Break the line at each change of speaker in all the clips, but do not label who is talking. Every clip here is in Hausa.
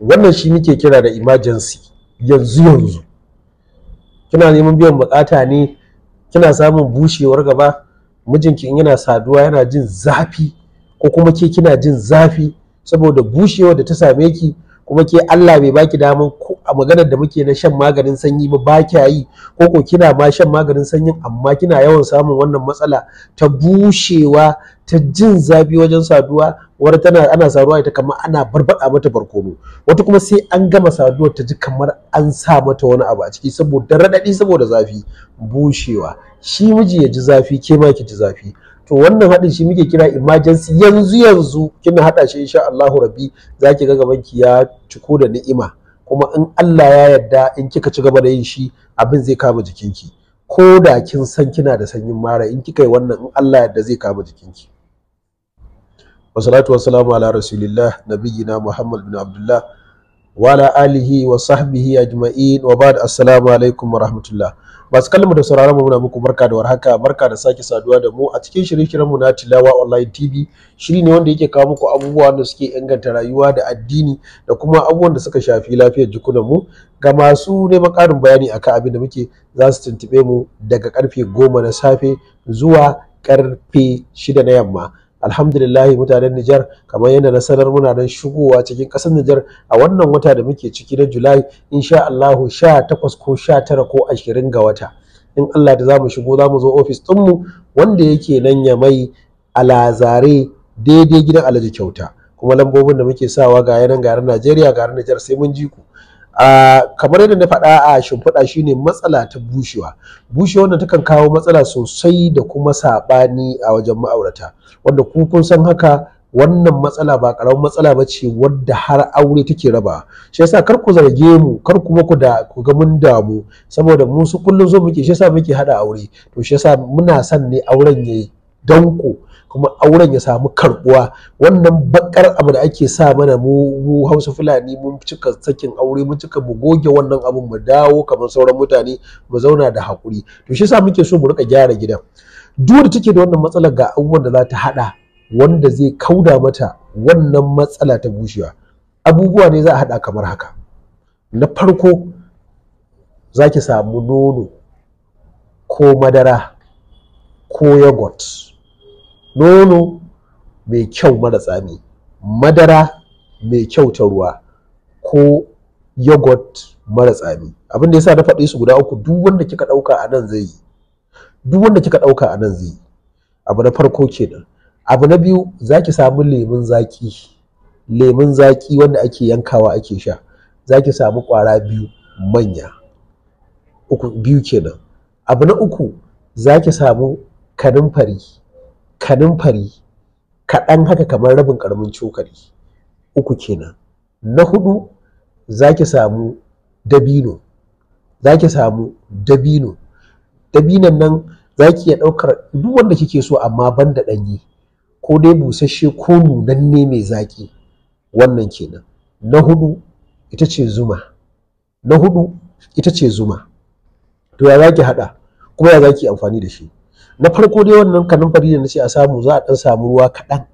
wannan shi muke kira da emergency yanzu yanzu kina neman biyan bukata ne kina samun bushewar gaba mijinki in yana saduwa yana jin zafi ko kuma ke kina jin zafi saboda bushewar da ta same ki kuma ke Allah bai baki damar a maganar da muke na shan maganin sanyi ba ba kya yi ko ko kina ma shan maganin sanyin amma kina yawan samun wannan matsala ta bushewa ta jin zafi wajen saduwa wata tana ana saduwa ita kamar ana barbada mata barkono wata kuma sai an gama saduwar ta ji kamar an sa mata wani abu a ciki saboda raɗaɗi saboda zafi bushewa shi miji ya ji zafi ke ma ki ji zafi to wannan haɗin shi muke kira emergency yanzu yanzu kina haɗa shi insha Allahu rabbi zaki ga gaban ki? ya ciko da ni'ima kuma in Allah ya yarda in kika ci gaba da yin shi abin zai kama jikinki ko da kin san kina da sanyin mara in kika yi wannan in Allah ya yarda zai kama jikinki wasalatu salamu ala rasulillah nabiyina muhammad bin abdullah wala alihi wa sahbihi ajma'in wa ba'd assalamu alaikum wa rahmatullah masu kalmar da sauraron mu muna muku barka da warhaka barka da sake saduwa da mu a cikin shirye-shiryen mu na Tilawa Online TV shiri ne wanda yake kawo muku abubuwa da suke inganta rayuwa da addini da kuma abubuwan da suka shafi lafiyar jikunan mu ga masu neman ƙarin bayani akan abin da muke za su tuntube mu daga karfe goma na safe zuwa karfe shida na yamma alhamdulillahi mutanen Nijar kamar yadda na sanar muna nan shigowa cikin ƙasar Nijar a wannan wata da muke ciki na Julai insha sha 18 ko 19 ko 20 ga wata in Allah da zamu shigo zamu zo ofis ɗinmu wanda yake nan ya mai alazare daidai gidan Alhaji Kyauta kuma lambobin da muke sawa ga yanan garin Najeriya garin Nijar sai mun ji ku kamar yadda na faɗa a shimfiɗa shine matsala ta bushewa bushewa wanda takan kawo matsala sosai da kuma saɓani a wajen ma'aurata wanda ku kun san haka wannan matsala ba ƙaramin matsala ba ce wadda har aure take raba shi yasa kar ku zarge mu kar kuma ku da ku ga mun damu saboda mu su kullum zo muke shi yasa muke hada aure to shi yasa muna son ne auren yayi danko kuma auren ya samu karbuwa wannan bakar abu da ake sa mana mu hausa fulani mun cika sakin aure mun cika mu goge wannan abun mu dawo kamar sauran mutane mu zauna da hakuri to shi yasa muke so mu rika gyara gidan duk da take da wannan matsalar ga abubuwan da za ta hada wanda zai kauda mata wannan matsala ta bushewa abubuwa ne za a hada kamar haka na farko za ki samu nono ko madara ko yogurt nono mai kyau mara tsami madara mai kyau ta ruwa ko yogurt mara tsami abin da yasa na faɗe su guda uku duk wanda kika ɗauka a nan zai yi duk wanda kika ɗauka a nan zai yi abu na farko kenan abu na biyu za ki samu lemun zaki lemun zaki wanda ake yankawa ake sha za ki samu ƙwara biyu manya uku biyu kenan abu na uku za ki samu kanumfari fari kaɗan haka kamar rabin ƙaramin cokali uku kenan na hudu za ki samu dabino za ki samu dabino dabinon nan za ki iya ɗaukar duk wanda kike so amma ban da ɗanye ko dai busasshe ko nunanne mai zaƙi wannan kenan na hudu ita ce zuma na hudu ita ce zuma to ya za ki haɗa kuma ya za ki amfani da shi na farko dai wannan kanumfari da nace a samu za a ɗan samu ruwa kaɗan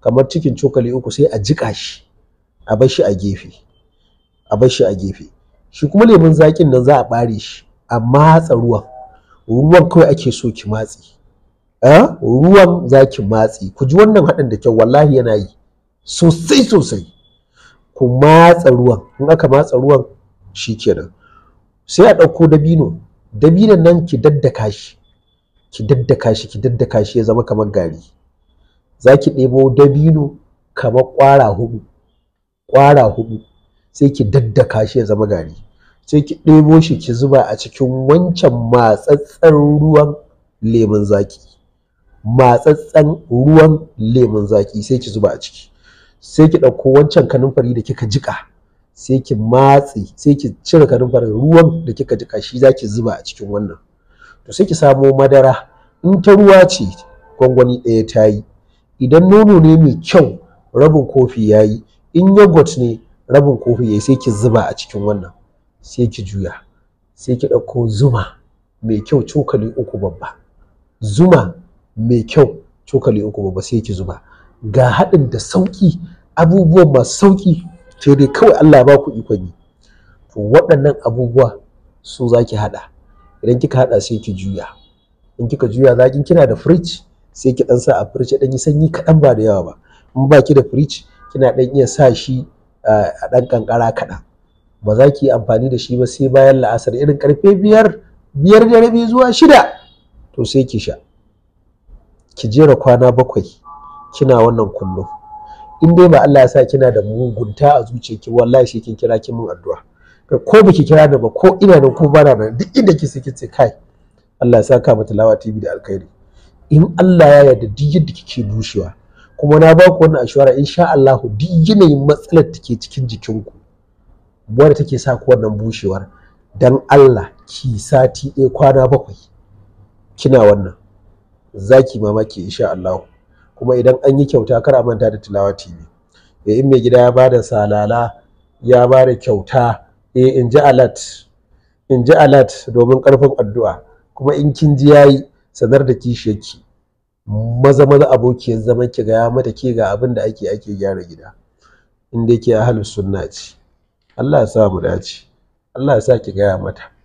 kamar cikin cokali uku sai a jika shi a bar shi a gefe a bar shi a gefe shi kuma lemun zaƙin nan za a ɓare shi a matsa ruwan ruwan kawai ake so ki matsi ruwan za matsi ku ji wannan haɗin da kyau wallahi yana yi sosai sosai ku matsa ruwan in aka matsa ruwan shi kenan sai a ɗauko dabino dabinon nan ki daddaka shi ki daddaka shi ki daddaka shi ya zama kamar gari za ki ɗebo dabino kamar ƙwara hudu ƙwara hudu sai ki daddaka shi ya zama gari sai ki ɗebo shi ki zuba a cikin wancan matsatsen ruwan lemun zaki matsatsen ruwan lemun zaki sai ki zuba a ciki sai ki ɗauko wancan kanunfari da kika jiƙa sai ki matse sai ki cire kanunfarin ruwan da kika jiƙa shi za ki zuba a cikin wannan to sai ki samo madara in ta ruwa ce gwangwani ɗaya ta yi idan nono ne mai kyau rabin kofi ya yi in yogurt ne rabin kofi ya yi sai ki zuba a cikin wannan sai ki juya sai ki ɗauko zuma mai kyau cokali uku babba zuma mai kyau cokali uku babba sai ki zuba ga haɗin da sauƙi abubuwan masu sauƙi ce dai kawai Allah ba ku ikon yi to waɗannan abubuwa su za ki haɗa idan kika haɗa sai ki juya in kika juya zakin kina da fridge sai ki dan sa a fridge dan yi sanyi kaɗan ba da yawa ba in ba ki da fridge kina dan iya sa shi eh, a dan kankara kaɗan ba za ki yi amfani da shi ba sai bayan la'asar irin karfe biyar biyar da rabi zuwa shida to sai ki sha ki jera kwana bakwai kina wannan kullum in dai ba Allah ya sa kina da mugunta a zuciyarki wallahi shi kin kira kin mun addu'a ko biki kira da ba ko ina da ko bana da duk inda ke saki ce kai Allah ya saka mata lawa TV da alkhairi in Allah ya yarda duk yadda kike bushewa kuma na baku wannan ashwara insha Allah duk yanayin matsalar take cikin jikinku wanda take sa ku wannan bushewar dan Allah ki sati ɗaya kwana bakwai kina wannan zaki mamaki insha Allah kuma idan an yi kyauta kar a manta da tilawa TV eh, in mai gida ya bada salala ya bada kyauta eh in ji alert in ji alert domin karfin addu'a kuma in kin ji yayi sanar da kishiyarki maza maza abokiyar zaman ki gaya mata ke ga abin da ake ake gyara gida in dai ahlus sunna ce Allah ya sa mu dace Allah ya sa ki gaya mata